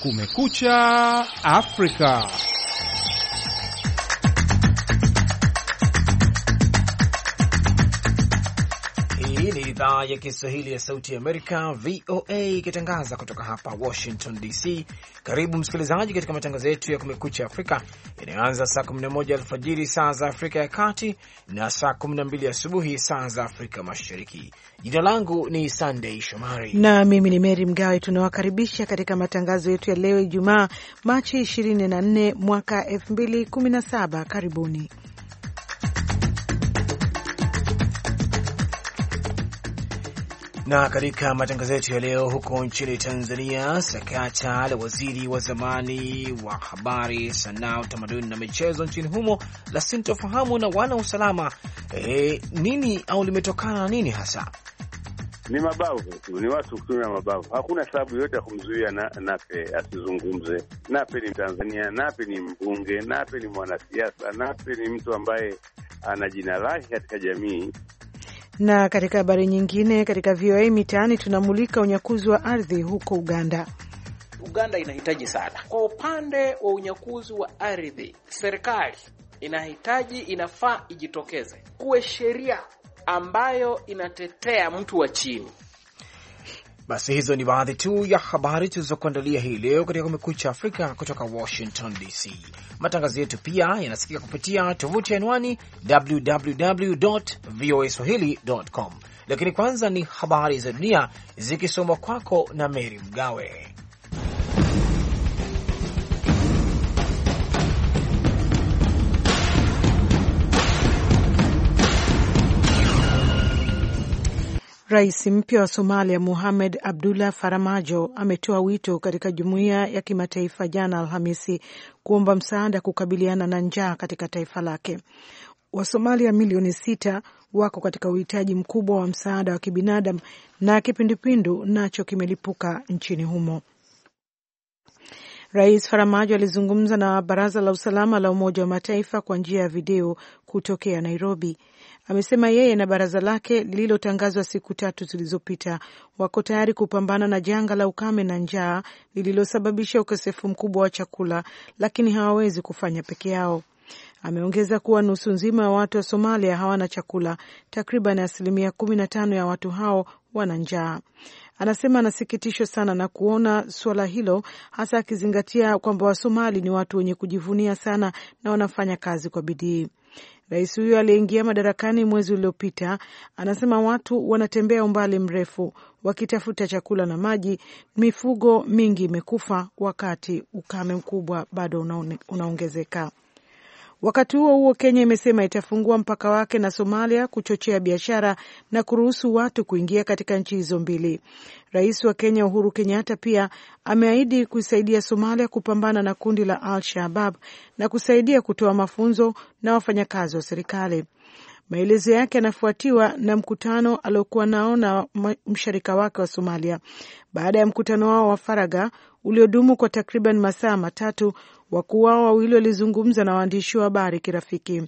Kumekucha Afrika. idhaa ya Kiswahili ya Sauti ya Amerika, VOA, ikitangaza kutoka hapa Washington DC. Karibu msikilizaji katika matangazo yetu ya Kumekucha Afrika inayoanza saa 11 alfajiri saa za Afrika ya Kati na saa 12 asubuhi saa za Afrika Mashariki. Jina langu ni Sandei Shomari na mimi ni mery Mgawe. Tunawakaribisha katika matangazo yetu ya leo Ijumaa, Machi 24 mwaka 2017. Karibuni. Na katika matangazo yetu ya leo, huko nchini Tanzania, sakata la waziri wa zamani wa habari, sanaa, utamaduni na michezo nchini humo la sintofahamu na wana usalama e, nini au limetokana na nini hasa? Ni mabavu tu, ni watu kutumia mabavu. Hakuna sababu yoyote ya kumzuia na, Nape asizungumze. Nape ni Mtanzania, Nape ni mbunge, Nape ni mwanasiasa, Nape ni mtu ambaye ana jina lake katika jamii. Na katika habari nyingine, katika VOA Mitaani tunamulika unyakuzi wa ardhi huko Uganda. Uganda inahitaji sana kwa upande wa unyakuzi wa ardhi. Serikali inahitaji, inafaa ijitokeze, kuwe sheria ambayo inatetea mtu wa chini basi hizo ni baadhi tu ya habari tulizokuandalia hii leo katika Kumekucha Afrika kutoka Washington DC. Matangazo yetu pia yanasikika kupitia tovuti anwani www voa swahili.com, lakini kwanza ni habari za dunia zikisomwa kwako na Meri Mgawe. Rais mpya wa Somalia Muhamed Abdullah Faramajo ametoa wito katika jumuiya ya kimataifa jana Alhamisi kuomba msaada kukabiliana na njaa katika taifa lake. Wasomalia milioni sita wako katika uhitaji mkubwa wa msaada wa kibinadamu na kipindupindu nacho kimelipuka nchini humo. Rais Faramajo alizungumza na Baraza la Usalama la Umoja wa Mataifa kwa njia ya video kutokea Nairobi amesema yeye na baraza lake lililotangazwa siku tatu zilizopita wako tayari kupambana na janga la ukame na njaa lililosababisha ukosefu mkubwa wa chakula, lakini hawawezi kufanya peke yao. Ameongeza kuwa nusu nzima ya watu wa Somalia hawana chakula. Takriban asilimia kumi na tano ya watu hao wana njaa. Anasema anasikitishwa sana na kuona suala hilo, hasa akizingatia kwamba Wasomali ni watu wenye kujivunia sana na wanafanya kazi kwa bidii. Rais huyo aliyeingia madarakani mwezi uliopita anasema watu wanatembea umbali mrefu wakitafuta chakula na maji. Mifugo mingi imekufa wakati ukame mkubwa bado unaongezeka. Wakati huo huo, Kenya imesema itafungua mpaka wake na Somalia kuchochea biashara na kuruhusu watu kuingia katika nchi hizo mbili. Rais wa Kenya Uhuru Kenyatta pia ameahidi kuisaidia Somalia kupambana na kundi la Al Shabab na kusaidia kutoa mafunzo na wafanyakazi wa serikali. Maelezo yake yanafuatiwa na mkutano aliokuwa nao na mshirika wake wa Somalia baada ya mkutano wao wa faraga uliodumu kwa takriban masaa matatu. Wakuu wao wawili walizungumza na waandishi wa habari kirafiki.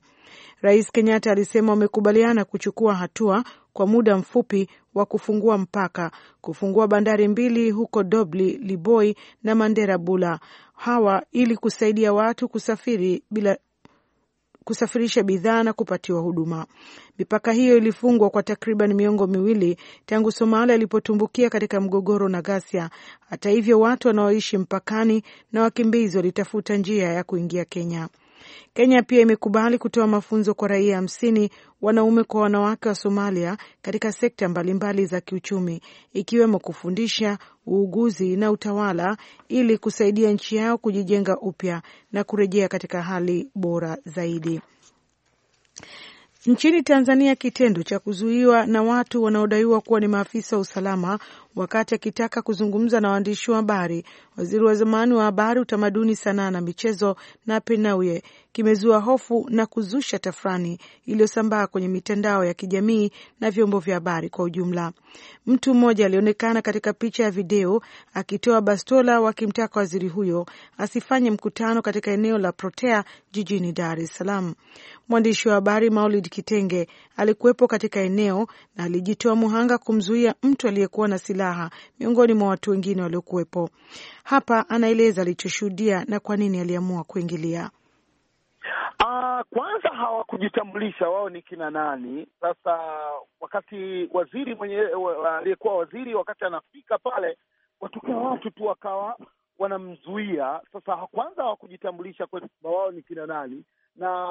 Rais Kenyatta alisema wamekubaliana kuchukua hatua kwa muda mfupi wa kufungua mpaka, kufungua bandari mbili huko Dobli, Liboi na Mandera Bula hawa ili kusaidia watu kusafiri bila kusafirisha bidhaa na kupatiwa huduma. Mipaka hiyo ilifungwa kwa takriban miongo miwili tangu Somalia ilipotumbukia katika mgogoro na ghasia. Hata hivyo, watu wanaoishi mpakani na wakimbizi walitafuta njia ya kuingia Kenya. Kenya pia imekubali kutoa mafunzo kwa raia hamsini wanaume kwa wanawake wa Somalia katika sekta mbalimbali za kiuchumi ikiwemo kufundisha, uuguzi na utawala ili kusaidia nchi yao kujijenga upya na kurejea katika hali bora zaidi. Nchini Tanzania, kitendo cha kuzuiwa na watu wanaodaiwa kuwa ni maafisa wa usalama Wakati akitaka kuzungumza na waandishi wa habari, waziri wa zamani wa habari, utamaduni, sanaa na michezo na Nnauye kimezua hofu na kuzusha tafrani iliyosambaa kwenye mitandao ya kijamii na vyombo vya habari kwa ujumla. Mtu mmoja alionekana katika picha ya video akitoa bastola, wakimtaka waziri huyo asifanye mkutano katika eneo la Protea jijini Dar es Salaam. Mwandishi wa habari Maulid Kitenge alikuwepo katika eneo na alijitoa muhanga kumzuia mtu aliyekuwa na silaha miongoni mwa watu wengine waliokuwepo. Hapa anaeleza alichoshuhudia na kwa nini aliamua kuingilia. Uh, kwanza hawakujitambulisha wao ni kina nani. Sasa wakati waziri mwenye aliyekuwa waziri wakati anafika pale, watokea watu tu wakawa wanamzuia. Sasa kwanza hawakujitambulisha kwamba wao ni kina nani, na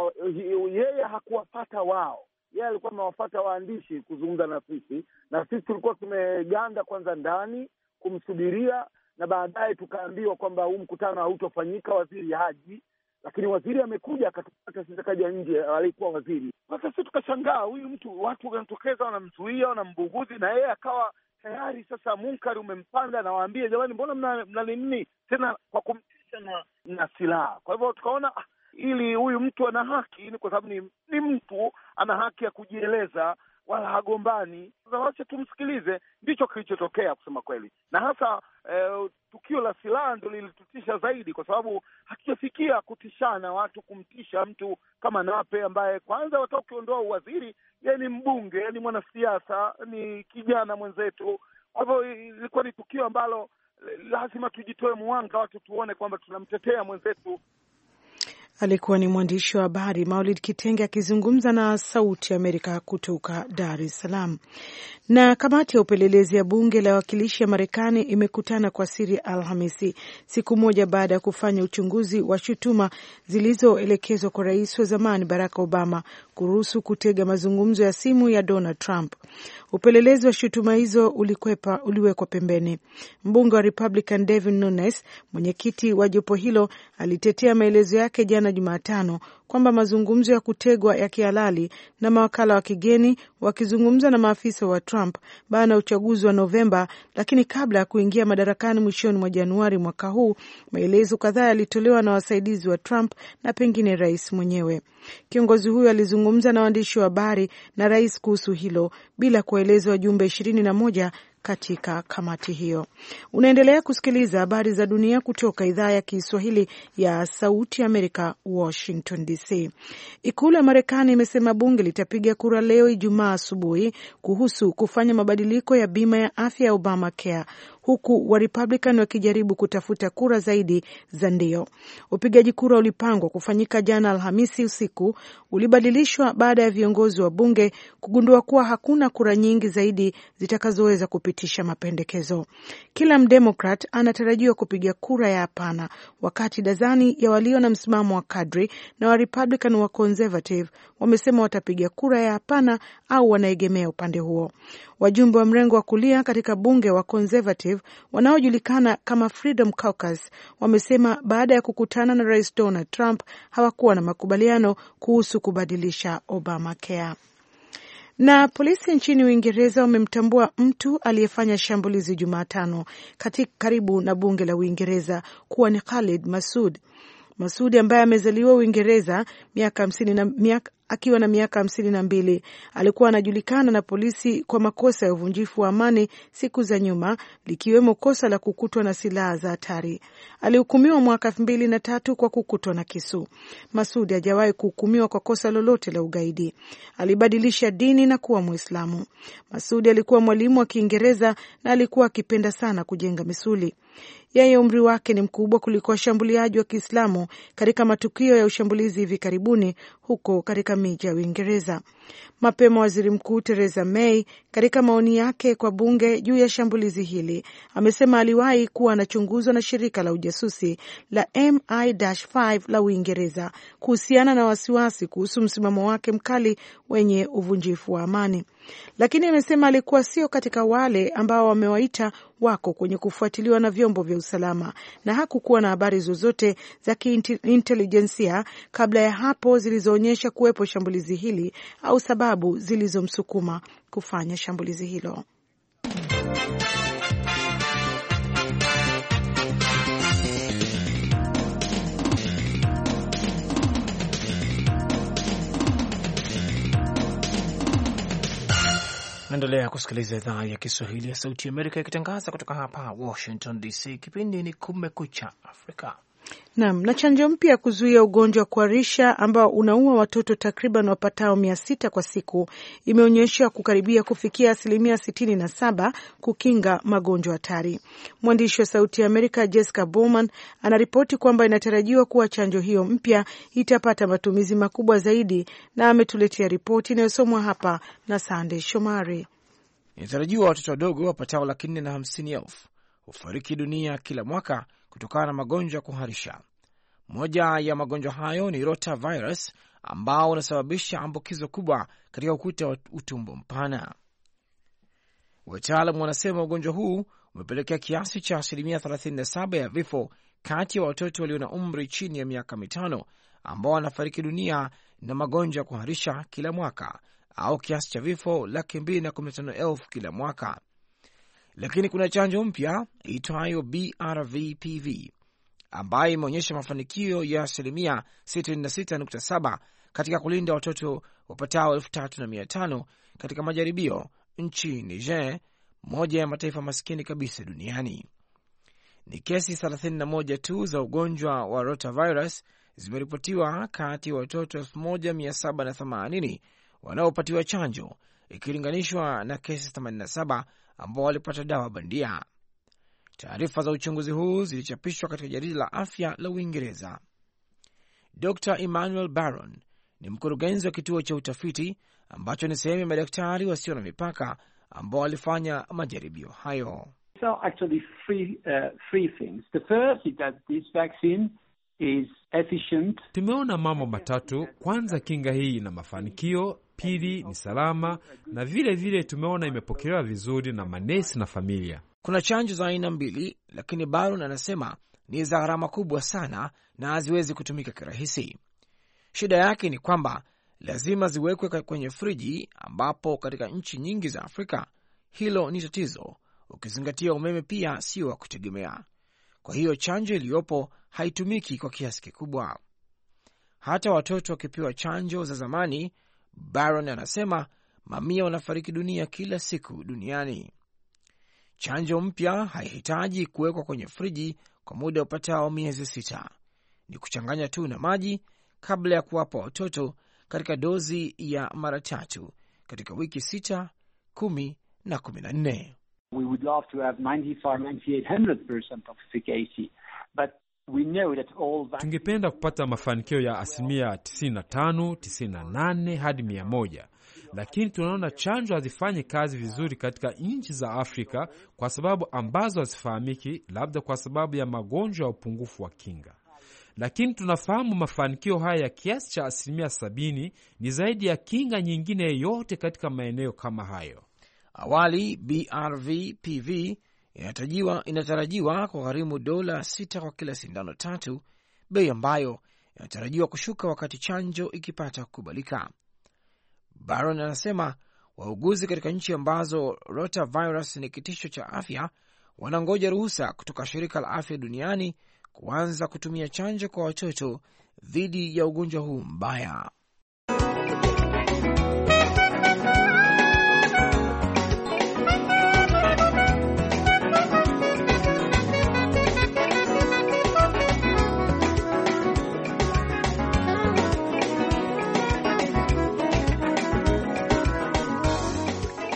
yeye hakuwapata wao yeye alikuwa amewafata waandishi kuzungumza na sisi, na sisi tulikuwa tumeganda kwanza ndani kumsubiria, na baadaye tukaambiwa kwamba huu mkutano hautofanyika, waziri haji. Lakini waziri amekuja akatupata sisi, akaja nje, alikuwa waziri. Sasa sisi tukashangaa, huyu mtu watu wanatokeza, wanamzuia, wanambuguzi, na yeye akawa tayari sasa munkari umempanda, nawaambia jamani, mbona mna nini tena, kwa kumtisha na, na silaha. Kwa hivyo tukaona ah, ili huyu mtu ana haki, ni kwa sababu ni, ni mtu ana haki ya kujieleza wala hagombani. Sasa tumsikilize, ndicho kilichotokea kusema kweli, na hasa eh, tukio la silaha ndo lilitutisha zaidi, kwa sababu hatujafikia kutishana watu, kumtisha mtu kama Nape ambaye kwanza wataka ukiondoa uwaziri, yeye ni mbunge, ni mwanasiasa, ni kijana mwenzetu. Kwa hivyo ilikuwa ni tukio ambalo lazima tujitoe mwanga, watu tuone kwamba tunamtetea mwenzetu alikuwa ni mwandishi wa habari Maulid Kitenge akizungumza na Sauti Amerika kutoka Dar es Salaam. Na kamati ya upelelezi ya bunge la wawakilishi ya Marekani imekutana kwa siri Alhamisi, siku moja baada ya kufanya uchunguzi wa shutuma zilizoelekezwa kwa rais wa zamani Barack Obama kuruhusu kutega mazungumzo ya simu ya Donald Trump. Upelelezi wa shutuma hizo ulikwepa, uliwekwa pembeni. Mbunge wa Republican Devin Nunes, mwenyekiti wa jopo hilo, alitetea maelezo yake jana Jumatano kwamba mazungumzo ya kutegwa ya kihalali na mawakala wa kigeni wakizungumza na maafisa wa Trump baada ya uchaguzi wa Novemba, lakini kabla ya kuingia madarakani mwishoni mwa Januari mwaka huu, maelezo kadhaa yalitolewa na wasaidizi wa Trump na pengine rais mwenyewe. Kiongozi huyo alizungumza na waandishi wa habari na rais kuhusu hilo bila kuwaeleza wajumbe ishirini na moja katika kamati hiyo. Unaendelea kusikiliza habari za dunia kutoka idhaa ya Kiswahili ya Sauti Amerika, Washington DC. Ikulu ya Marekani imesema bunge litapiga kura leo Ijumaa asubuhi kuhusu kufanya mabadiliko ya bima ya afya ya Obamacare huku Warepublican wakijaribu kutafuta kura zaidi za ndio. Upigaji kura ulipangwa kufanyika jana Alhamisi usiku, ulibadilishwa baada ya viongozi wa bunge kugundua kuwa hakuna kura nyingi zaidi zitakazoweza kupitisha mapendekezo. Kila mdemokrat anatarajiwa kupiga kura ya hapana, wakati dazani ya walio na msimamo wa kadri na Warepublican wa conservative wamesema watapiga kura ya hapana au wanaegemea upande huo. Wajumbe wa mrengo wa kulia katika bunge wa Conservative wanaojulikana kama Freedom Caucus wamesema baada ya kukutana na Rais Donald Trump hawakuwa na makubaliano kuhusu kubadilisha Obamacare. Na polisi nchini Uingereza wamemtambua mtu aliyefanya shambulizi Jumatano karibu na bunge la Uingereza kuwa ni Khalid Masud. Masudi ambaye amezaliwa Uingereza miaka hamsini na miaka akiwa na miaka hamsini na mbili alikuwa anajulikana na polisi kwa makosa ya uvunjifu wa amani siku za nyuma, likiwemo kosa la kukutwa na silaha za hatari. Alihukumiwa mwaka elfu mbili na tatu kwa kukutwa na kisu. Masudi hajawahi kuhukumiwa kwa kosa lolote la ugaidi. Alibadilisha dini na kuwa Mwislamu. Masudi alikuwa mwalimu wa Kiingereza na alikuwa akipenda sana kujenga misuli yeye umri wake ni mkubwa kuliko washambuliaji wa Kiislamu katika matukio ya ushambulizi hivi karibuni huko katika miji ya Uingereza. Mapema waziri mkuu Theresa May katika maoni yake kwa bunge juu ya shambulizi hili amesema aliwahi kuwa anachunguzwa na shirika la ujasusi la MI5 la Uingereza kuhusiana na wasiwasi kuhusu msimamo wake mkali wenye uvunjifu wa amani, lakini amesema alikuwa sio katika wale ambao wamewaita wako kwenye kufuatiliwa na vyombo vya usalama na hakukuwa na habari zozote za kiintelijensia kabla ya hapo zilizoonyesha kuwepo shambulizi hili au au sababu zilizomsukuma kufanya shambulizi hilo. Naendelea kusikiliza idhaa ya Kiswahili ya Sauti ya Amerika ikitangaza kutoka hapa Washington DC. Kipindi ni Kumekucha Afrika. Naam, na chanjo mpya ya kuzuia ugonjwa wa kuharisha ambao unaua watoto takriban wapatao mia sita kwa siku imeonyesha kukaribia kufikia asilimia sitini na saba kukinga magonjwa hatari. Mwandishi wa Sauti ya Amerika Jessica Bowman anaripoti kwamba inatarajiwa kuwa chanjo hiyo mpya itapata matumizi makubwa zaidi, na ametuletea ripoti inayosomwa hapa na Sandey Shomari. Inatarajiwa watoto wadogo wapatao laki nne na hamsini elfu hufariki dunia kila mwaka kutokana na magonjwa ya kuharisha. Moja ya magonjwa hayo ni rota virus ambao unasababisha ambukizo kubwa katika ukuta wa utumbo mpana. Wataalamu wanasema ugonjwa huu umepelekea kiasi cha asilimia 37 ya vifo kati ya watoto walio na umri chini ya miaka mitano ambao wanafariki dunia na magonjwa ya kuharisha kila mwaka au kiasi cha vifo laki mbili na kumi na tano elfu kila mwaka lakini kuna chanjo mpya iitwayo BRVPV ambayo imeonyesha mafanikio ya asilimia 66.7 katika kulinda watoto wapatao 3500 katika majaribio nchi Niger, moja ya mataifa maskini kabisa duniani. Ni kesi 31 tu za ugonjwa wa rotavirus zimeripotiwa kati ya watoto 1780 wanaopatiwa chanjo ikilinganishwa na kesi 87 ambao walipata dawa bandia. Taarifa za uchunguzi huu zilichapishwa katika jarida la afya la Uingereza. Dr Emmanuel Baron ni mkurugenzi wa kituo cha utafiti ambacho ni sehemu ya madaktari wasio na mipaka ambao walifanya majaribio hayo. So actually three, uh, three things. The first is that this vaccine is efficient. Tumeona mambo matatu. Kwanza, kinga hii ina mafanikio pili ni salama, na vile vile tumeona imepokelewa vizuri na manesi na familia. Kuna chanjo za aina mbili, lakini Barun anasema ni za gharama kubwa sana na haziwezi kutumika kirahisi. Shida yake ni kwamba lazima ziwekwe kwenye friji, ambapo katika nchi nyingi za Afrika hilo ni tatizo, ukizingatia umeme pia sio wa kutegemea. Kwa hiyo chanjo iliyopo haitumiki kwa kiasi kikubwa. Hata watoto wakipewa chanjo za zamani Baron anasema mamia wanafariki dunia kila siku duniani. Chanjo mpya haihitaji kuwekwa kwenye friji kwa muda upatao miezi sita. Ni kuchanganya tu na maji kabla ya kuwapa watoto katika dozi ya mara tatu katika wiki sita, kumi na kumi na nne. Tungependa kupata mafanikio ya asilimia 95, 98 hadi 100, lakini tunaona chanjo hazifanyi kazi vizuri katika nchi za Afrika kwa sababu ambazo hazifahamiki, labda kwa sababu ya magonjwa ya upungufu wa kinga. Lakini tunafahamu mafanikio haya ya kiasi cha asilimia 70 ni zaidi ya kinga nyingine yeyote katika maeneo kama hayo. Awali BRVPV inatarajiwa, inatarajiwa gharimu dola sita kwa kila sindano tatu, bei ambayo inatarajiwa kushuka wakati chanjo ikipata kukubalika. Baron anasema wauguzi katika nchi ambazo rotavirus ni kitisho cha afya wanangoja ruhusa kutoka shirika la afya duniani kuanza kutumia chanjo kwa watoto dhidi ya ugonjwa huu mbaya.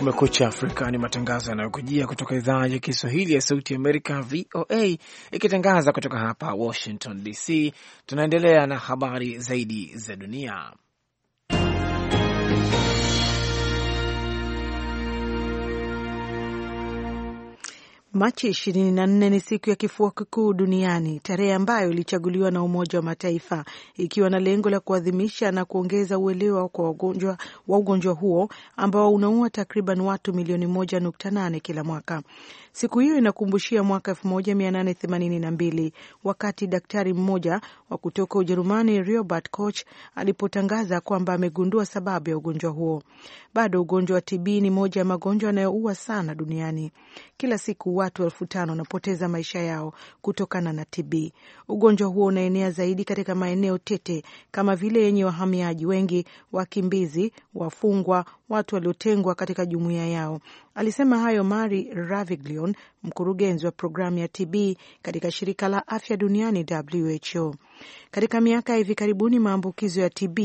Kumekucha Afrika ni matangazo yanayokujia kutoka idhaa ya Kiswahili ya Sauti ya Amerika, VOA, ikitangaza kutoka hapa Washington DC. Tunaendelea na habari zaidi za dunia. Machi 24 ni siku ya kifua kikuu duniani, tarehe ambayo ilichaguliwa na Umoja wa Mataifa ikiwa na lengo la kuadhimisha na kuongeza uelewa kwa wagonjwa wa ugonjwa huo ambao unaua takriban watu milioni 1.8 kila mwaka. Siku hiyo inakumbushia mwaka 1882 wakati daktari mmoja wa kutoka Ujerumani, Robert Koch, alipotangaza kwamba amegundua sababu ya ugonjwa huo. Bado ugonjwa wa TB ni moja ya magonjwa yanayoua sana duniani. Kila siku watu elfu tano wanapoteza maisha yao kutokana na TB. Ugonjwa huo unaenea zaidi katika maeneo tete kama vile yenye wahamiaji wengi, wakimbizi, wafungwa, watu waliotengwa katika jumuiya yao. Alisema hayo Mari raviglion mkurugenzi wa programu ya TB katika shirika la afya duniani WHO. Katika miaka ya hivi karibuni maambukizo ya TB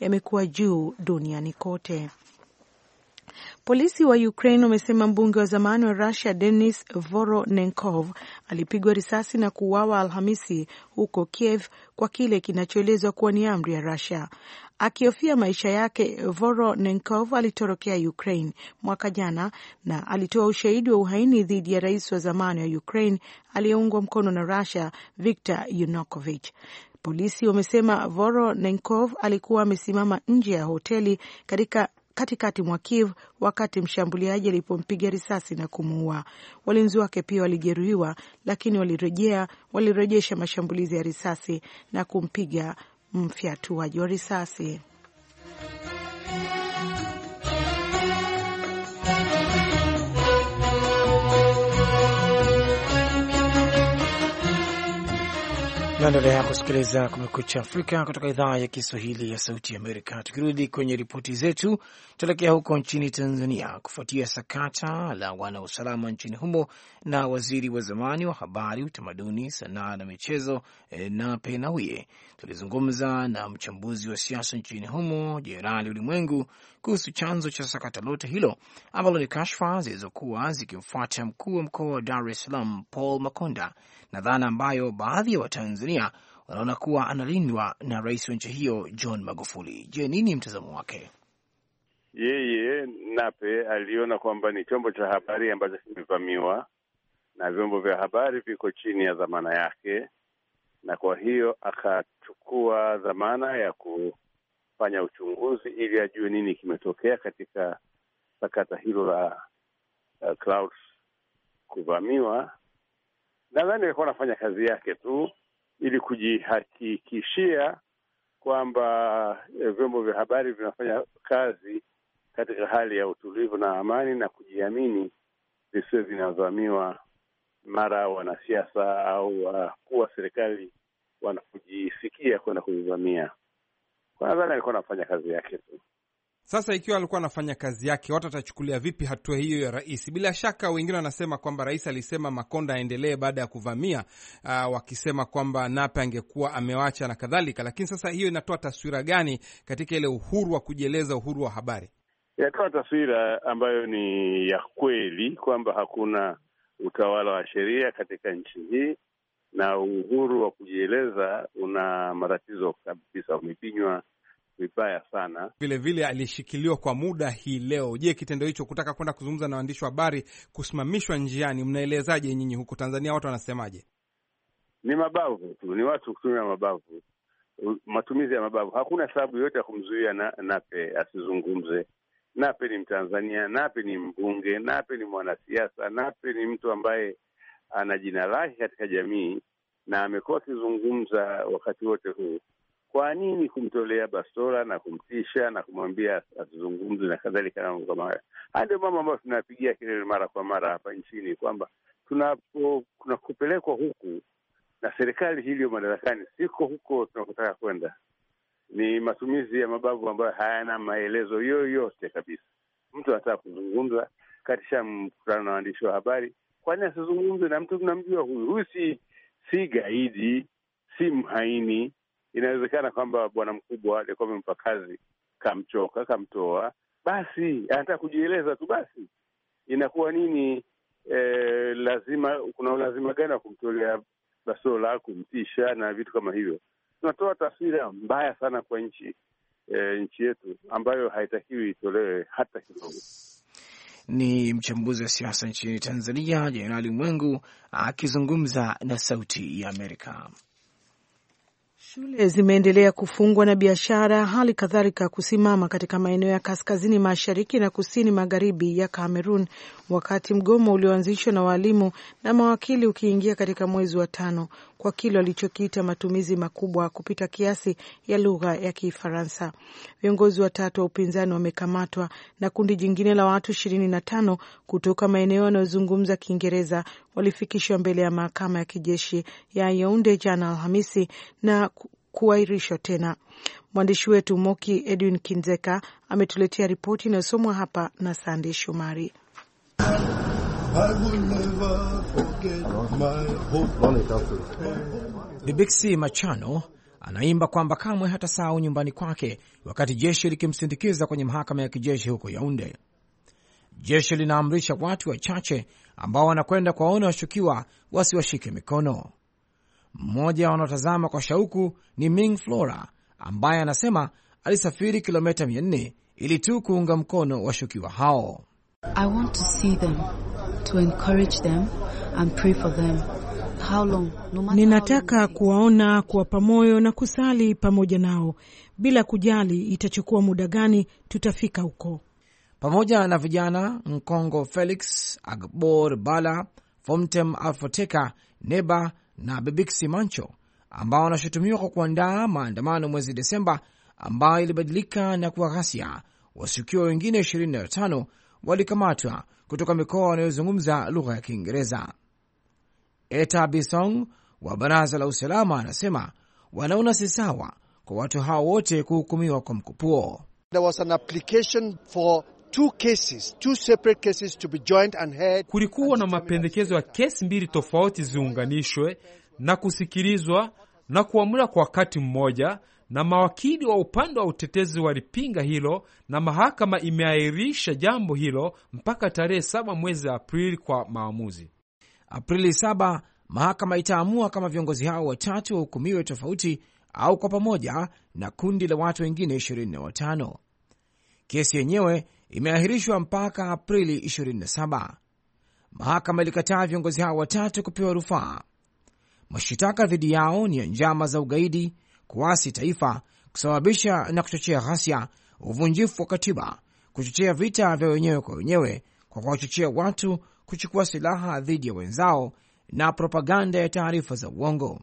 yamekuwa juu duniani kote. Polisi wa Ukraine wamesema mbunge wa zamani wa Russia Denis Voronenkov alipigwa risasi na kuuawa Alhamisi huko Kiev kwa kile kinachoelezwa kuwa ni amri ya Russia. Akihofia maisha yake, Voronenkov alitorokea Ukraine mwaka jana na alitoa ushahidi wa uhaini dhidi ya rais wa zamani wa Ukraine aliyeungwa mkono na Russia Viktor Yanukovych. Polisi wamesema Voronenkov alikuwa amesimama nje ya hoteli katika katikati mwa Kiev wakati mshambuliaji alipompiga risasi na kumuua. Walinzi wake pia walijeruhiwa, lakini walirejea walirejesha mashambulizi ya risasi na kumpiga mfyatuaji wa risasi. Naendelea kusikiliza Kumekucha Afrika kutoka idhaa ya Kiswahili ya Sauti Amerika. Tukirudi kwenye ripoti zetu, tuelekea huko nchini Tanzania kufuatia sakata la wanausalama nchini humo na waziri wa zamani wa habari, utamaduni, sanaa na michezo eh, Nape Nnauye. Tulizungumza na mchambuzi wa siasa nchini humo Jenerali Ulimwengu kuhusu chanzo cha sakata lote hilo ambalo ni kashfa zilizokuwa zikimfuata mkuu wa mkoa wa Dar es Salaam Paul Makonda, na dhana ambayo baadhi ya wa Watanzania wanaona kuwa analindwa na rais wa nchi hiyo John Magufuli. Je, nini mtazamo wake? Yeye Nape aliona kwamba ni chombo cha habari ambacho kimevamiwa na vyombo vya habari viko chini ya dhamana yake, na kwa hiyo akachukua dhamana ya ku kufanya uchunguzi ili ajue nini kimetokea katika sakata hilo la uh, Clouds kuvamiwa. Nadhani alikuwa anafanya kazi yake tu ili kujihakikishia kwamba uh, vyombo vya habari vinafanya kazi katika hali ya utulivu na amani na kujiamini, visiwe vinavamiwa mara wanasiasa au wakuu uh, wa serikali wanakujisikia kwenda kuvivamia. Kwa nadhani alikuwa anafanya kazi yake tu. Sasa ikiwa alikuwa anafanya kazi yake, watu watachukulia vipi hatua hiyo ya rais? Bila shaka wengine wanasema kwamba rais alisema Makonda aendelee baada ya kuvamia uh, wakisema kwamba Nape angekuwa amewacha na kadhalika. Lakini sasa hiyo inatoa taswira gani katika ile uhuru wa kujieleza, uhuru wa habari? Inatoa taswira ambayo ni ya kweli kwamba hakuna utawala wa sheria katika nchi hii na uhuru wa kujieleza una matatizo kabisa, umepinywa vibaya sana. Vilevile alishikiliwa kwa muda hii leo. Je, kitendo hicho kutaka kwenda kuzungumza na waandishi wa habari kusimamishwa njiani, mnaelezaje nyinyi huko Tanzania? Watu wanasemaje? Ni mabavu tu, ni watu kutumia mabavu, matumizi ya mabavu. Hakuna sababu yoyote ya kumzuia na, Nape asizungumze. Nape ni Mtanzania, Nape ni mbunge, Nape ni mwanasiasa, Nape ni mtu ambaye ana jina lake katika jamii na amekuwa akizungumza wakati wote huu. Kwa nini kumtolea bastola na kumtisha na kumwambia asizungumze na kadhalika na mambo kama haya? Haya ndio mambo ambayo tunayapigia kelele mara kwa mara hapa nchini kwamba tunakopelekwa huku na serikali iliyo madarakani siko huko tunakotaka kwenda. Ni matumizi ya mabavu ambayo hayana maelezo yoyote kabisa. Mtu anataka kuzungumza katisha mkutano na waandishi wa habari, kwani asizungumze na mtu tunamjua huyu? Huyu si si gaidi, si mhaini. Inawezekana kwamba bwana mkubwa alikuwa amempa kazi, kamchoka, kamtoa, basi anataka kujieleza tu. Basi inakuwa nini? Eh, lazima kuna ulazima gani wa kumtolea basola, kumtisha na vitu kama hivyo? Tunatoa taswira mbaya sana kwa nchi eh, nchi yetu ambayo haitakiwi itolewe hata kidogo ni mchambuzi wa siasa nchini Tanzania, Jenerali Mwengu akizungumza na Sauti ya Amerika. Shule zimeendelea kufungwa na biashara hali kadhalika kusimama katika maeneo ya kaskazini mashariki na kusini magharibi ya Kamerun, wakati mgomo ulioanzishwa na waalimu na mawakili ukiingia katika mwezi wa tano, kwa kile walichokiita matumizi makubwa kupita kiasi ya lugha ya Kifaransa. Viongozi watatu wa upinzani wamekamatwa na kundi jingine la watu ishirini na tano kutoka maeneo yanayozungumza Kiingereza walifikishwa mbele ya mahakama ya kijeshi ya Yaunde jana Alhamisi na kuahirishwa tena. Mwandishi wetu Moki Edwin Kinzeka ametuletea ripoti inayosomwa hapa na Sandey Shomari. Bibiksi Machano anaimba kwamba kamwe hata sahau nyumbani kwake, wakati jeshi likimsindikiza kwenye mahakama ya kijeshi huko Yaunde. Jeshi linaamrisha watu wachache ambao wanakwenda kuwaona washukiwa wasiwashike mikono. Mmoja wanaotazama kwa shauku ni Ming Flora ambaye anasema alisafiri kilomita 400 ili tu kuunga mkono washukiwa hao. I want to see them, to encourage them and pray for them. How long? No ninataka kuwaona, kuwapa moyo na kusali pamoja nao, bila kujali itachukua muda gani, tutafika huko. Pamoja na vijana Mkongo Felix Agbor Bala, Fomtem Alfoteka Neba na bibiksi Mancho ambao wanashutumiwa kwa kuandaa maandamano mwezi Desemba ambayo ilibadilika na kuwa ghasia. Washukiwa wengine 25 walikamatwa kutoka mikoa wanayozungumza lugha ya Kiingereza. Eta Bisong wa baraza la usalama anasema wanaona si sawa kwa watu hao wote kuhukumiwa kwa mkupuo. Kulikuwa na mapendekezo ya kesi mbili tofauti ziunganishwe na kusikilizwa na kuamura kwa wakati mmoja na mawakili wa upande wa utetezi walipinga hilo, na mahakama imeahirisha jambo hilo mpaka tarehe 7 mwezi Aprili kwa maamuzi. Aprili 7 mahakama itaamua kama viongozi hao watatu wahukumiwe tofauti au kwa pamoja na kundi la watu wengine 25. Kesi yenyewe imeahirishwa mpaka Aprili 27. Mahakama ilikataa viongozi hao watatu kupewa rufaa. Mashitaka dhidi yao ni ya njama za ugaidi kuasi taifa, kusababisha na kuchochea ghasia, uvunjifu wa katiba, kuchochea vita vya wenyewe kwa wenyewe kwa kuwachochea watu kuchukua silaha dhidi ya wenzao na propaganda ya taarifa za uongo.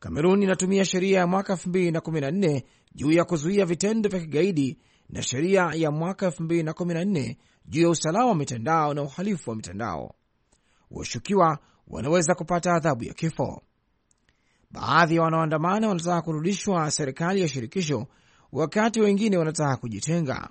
Kamerun inatumia sheria ya mwaka 2014 juu ya kuzuia vitendo vya kigaidi na sheria ya mwaka 2014 juu ya usalama wa mitandao na uhalifu wa mitandao. Washukiwa wanaweza kupata adhabu ya kifo. Baadhi ya wanaoandamana wanataka kurudishwa serikali ya shirikisho, wakati wengine wanataka kujitenga.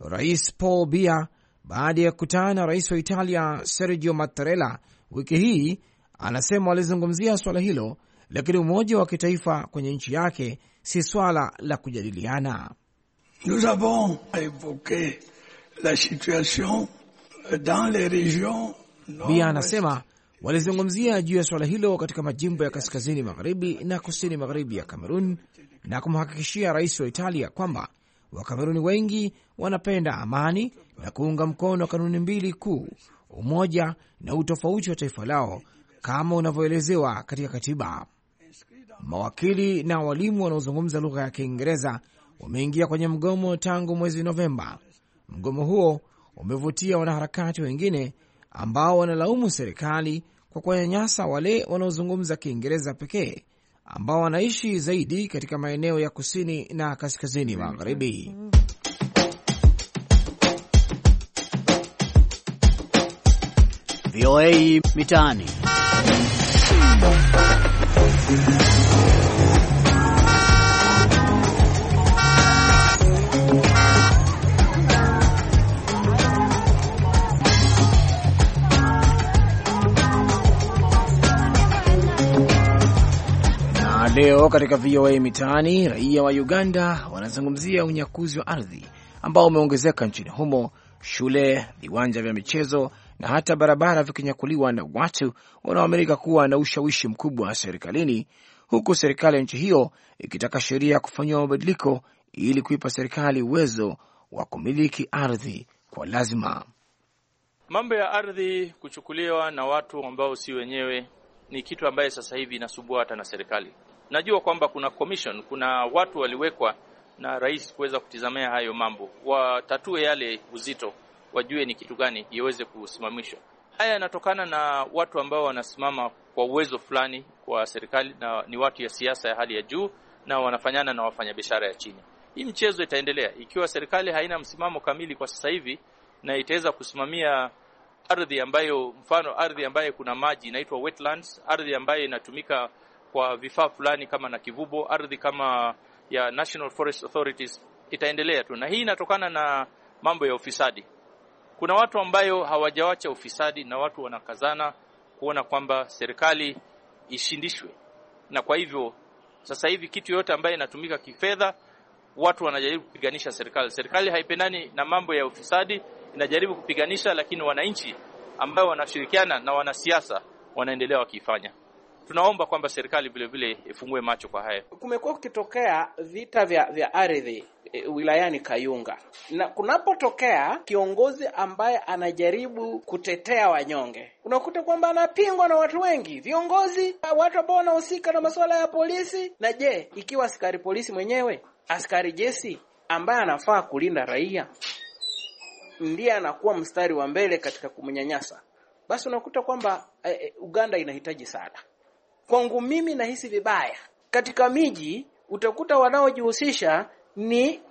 Rais Paul bia baada ya kukutana na rais wa Italia Sergio Mattarella wiki hii, anasema walizungumzia swala hilo, lakini umoja wa kitaifa kwenye nchi yake si swala la kujadiliana. Nous avons evoke la situation dans les regions. anasema walizungumzia juu ya suala hilo katika majimbo ya kaskazini magharibi na kusini magharibi ya Kamerun na kumhakikishia rais wa Italia kwamba Wakameruni wengi wanapenda amani na kuunga mkono kanuni mbili kuu, umoja na utofauti wa taifa lao kama unavyoelezewa katika katiba. Mawakili na walimu wanaozungumza lugha ya Kiingereza wameingia kwenye mgomo tangu mwezi Novemba. Mgomo huo umevutia wanaharakati wengine ambao wanalaumu serikali kwa kuwanyanyasa wale wanaozungumza Kiingereza pekee ambao wanaishi zaidi katika maeneo ya kusini na kaskazini magharibi. VOA Mitaani. Leo katika VOA Mitaani, raia wa Uganda wanazungumzia unyakuzi wa ardhi ambao umeongezeka nchini humo, shule, viwanja vya michezo na hata barabara vikinyakuliwa na watu wanaoaminika kuwa na ushawishi mkubwa serikalini, huku serikali ya nchi hiyo ikitaka sheria kufanyiwa mabadiliko ili kuipa serikali uwezo wa kumiliki ardhi kwa lazima. Mambo ya ardhi kuchukuliwa na watu ambao si wenyewe ni kitu ambaye sasa hivi inasumbua hata na serikali najua kwamba kuna commission, kuna watu waliwekwa na rais kuweza kutizamia hayo mambo, watatue yale uzito, wajue ni kitu gani iweze kusimamishwa. Haya yanatokana na watu ambao wanasimama kwa uwezo fulani kwa serikali na ni watu ya siasa ya hali ya juu na wanafanyana na wafanyabiashara ya chini. Hii mchezo itaendelea ikiwa serikali haina msimamo kamili kwa sasa hivi na itaweza kusimamia ardhi ambayo, mfano ardhi ambayo kuna maji inaitwa wetlands, ardhi ambayo inatumika kwa vifaa fulani kama na kivubo, ardhi kama ya National Forest Authorities itaendelea tu, na hii inatokana na mambo ya ufisadi. Kuna watu ambayo hawajawacha ufisadi na watu wanakazana kuona kwamba serikali ishindishwe, na kwa hivyo sasa hivi kitu yote ambaye inatumika kifedha, watu wanajaribu kupiganisha serikali. Serikali haipendani na mambo ya ufisadi, inajaribu kupiganisha, lakini wananchi ambao wanashirikiana na wanasiasa wanaendelea wakiifanya tunaomba kwamba serikali vile vile ifungue macho kwa haya. Kumekuwa kukitokea vita vya vya ardhi e, wilayani Kayunga, na kunapotokea kiongozi ambaye anajaribu kutetea wanyonge, unakuta kwamba anapingwa na watu wengi, viongozi, watu ambao wanahusika na masuala ya polisi. Na je, ikiwa askari polisi mwenyewe, askari jeshi ambaye anafaa kulinda raia ndiye anakuwa mstari wa mbele katika kumnyanyasa, basi unakuta kwamba e, e Uganda inahitaji sana kwangu mimi nahisi vibaya. Katika miji utakuta wanaojihusisha ni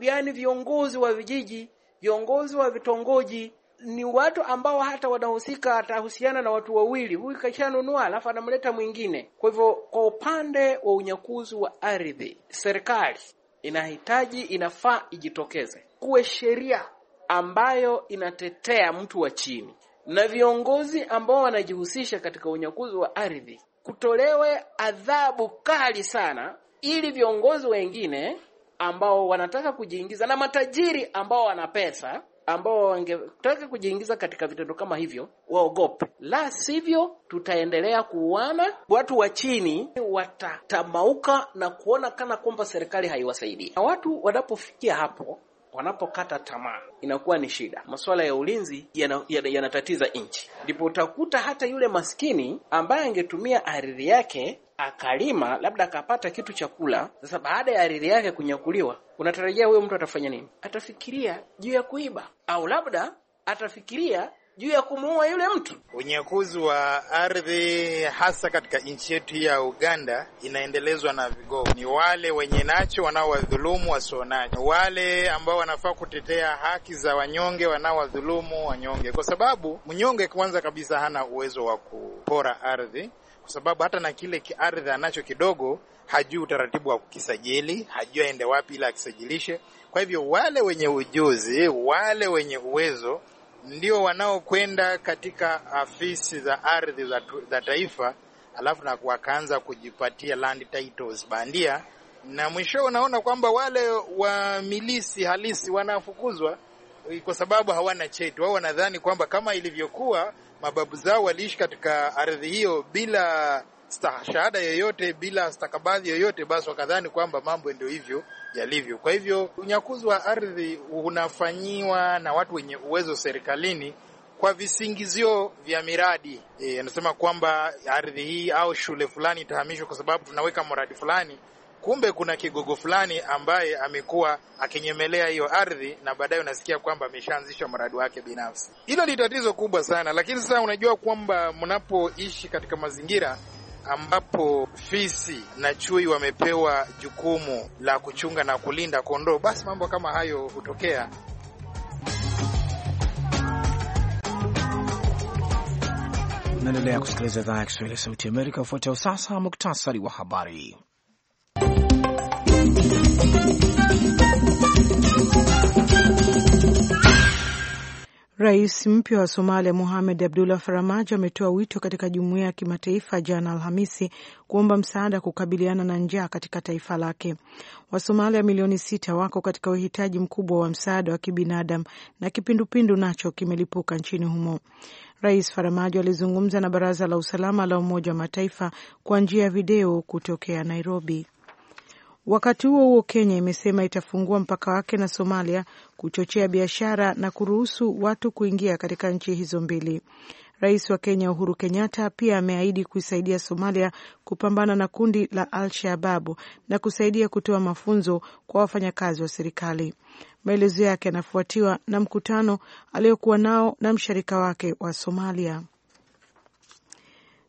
yani viongozi wa vijiji, viongozi wa vitongoji ni watu ambao hata wanahusika, atahusiana na watu wawili, huyu kashanunua, alafu anamleta mwingine. Kwa hivyo, kwa upande wa unyakuzi wa ardhi, serikali inahitaji, inafaa ijitokeze, kuwe sheria ambayo inatetea mtu wa chini na viongozi ambao wanajihusisha katika unyakuzi wa ardhi kutolewe adhabu kali sana, ili viongozi wengine ambao wanataka kujiingiza na matajiri ambao wana pesa ambao wangetaka kujiingiza katika vitendo kama hivyo waogope, la sivyo tutaendelea kuuana. Watu wa chini watatamauka na kuona kana kwamba serikali haiwasaidii, na watu wanapofikia hapo wanapokata tamaa inakuwa ni shida. Masuala ya ulinzi yanatatiza yana, yana nchi, ndipo utakuta hata yule maskini ambaye angetumia ardhi yake akalima labda akapata kitu cha kula. Sasa baada ya ardhi yake kunyakuliwa, unatarajia huyo mtu atafanya nini? Atafikiria juu ya kuiba, au labda atafikiria juu ya kumuua yule mtu. Unyakuzi wa ardhi hasa katika nchi yetu ya Uganda inaendelezwa na vigogo, ni wale wenye nacho wanaowadhulumu wasionacho, wale ambao wanafaa kutetea haki za wanyonge wanaowadhulumu wanyonge, kwa sababu mnyonge kwanza kabisa hana uwezo wa kupora ardhi kwa sababu hata na kile ardhi anacho kidogo, hajui utaratibu wa kukisajili, hajui aende wapi ili akisajilishe. Kwa hivyo wale wenye ujuzi, wale wenye uwezo ndio wanaokwenda katika afisi za ardhi za, za taifa alafu na wakaanza kujipatia land titles bandia, na mwisho unaona kwamba wale wamilisi halisi wanafukuzwa eh, kwa sababu hawana cheti. Wao wanadhani kwamba kama ilivyokuwa mababu zao waliishi katika ardhi hiyo bila stashahada yoyote bila stakabadhi yoyote, basi wakadhani kwamba mambo ndio hivyo yalivyo. Kwa hivyo unyakuzi wa ardhi unafanyiwa na watu wenye uwezo serikalini kwa visingizio vya miradi e, anasema kwamba ardhi hii au shule fulani itahamishwa kwa sababu tunaweka mradi fulani. Kumbe kuna kigogo fulani ambaye amekuwa akinyemelea hiyo ardhi, na baadaye unasikia kwamba ameshaanzisha mradi wake binafsi. Hilo ni tatizo kubwa sana, lakini sasa unajua kwamba mnapoishi katika mazingira ambapo fisi na chui wamepewa jukumu la kuchunga na kulinda kondoo, basi mambo kama hayo hutokea. Naendelea kusikiliza idhaa ya Kiswahili ya Sauti Amerika. Ufuatao sasa muktasari wa habari. Rais mpya wa Somalia muhamed Abdullah Faramajo ametoa wito katika jumuiya ya kimataifa jana Alhamisi kuomba msaada kukabiliana na njaa katika taifa lake. Wasomalia milioni sita wako katika uhitaji mkubwa wa msaada wa kibinadamu na kipindupindu nacho kimelipuka nchini humo. Rais Faramajo alizungumza na Baraza la Usalama la Umoja wa Mataifa kwa njia ya video kutokea Nairobi. Wakati huo huo, Kenya imesema itafungua mpaka wake na Somalia kuchochea biashara na kuruhusu watu kuingia katika nchi hizo mbili. Rais wa Kenya Uhuru Kenyatta pia ameahidi kuisaidia Somalia kupambana na kundi la Al Shababu na kusaidia kutoa mafunzo kwa wafanyakazi wa serikali. Maelezo yake yanafuatiwa na mkutano aliyokuwa nao na mshirika wake wa Somalia.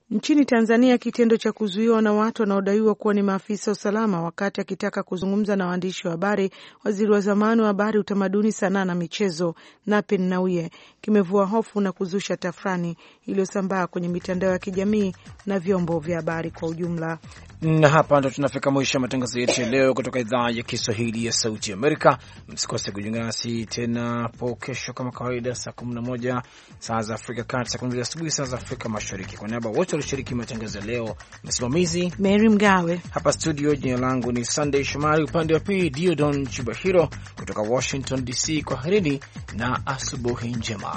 Nchini Tanzania, kitendo cha kuzuiwa na watu wanaodaiwa kuwa ni maafisa usalama wakati akitaka kuzungumza na waandishi wa habari waziri wa zamani wa habari, utamaduni, sanaa na michezo Nape Nnauye kimevua hofu na kuzusha tafrani iliyosambaa kwenye mitandao ya kijamii na vyombo vya habari kwa ujumla. Na hapa ndo tunafika mwisho wa matangazo yetu ya leo kutoka idhaa ya Kiswahili ya Sauti Amerika. Msikose kujiunga nasi tena po kesho kama kawaida, saa 11 saa za Afrika Kati, saa 12 asubuhi saa za Afrika Mashariki. Kwa niaba wote walioshiriki matangazo ya leo, msimamizi Mary Mgawe hapa studio, jina langu ni Sunday Shomari, upande wa pili Diodon Chubahiro kutoka Washington DC. Kwaherini na asubuhi njema.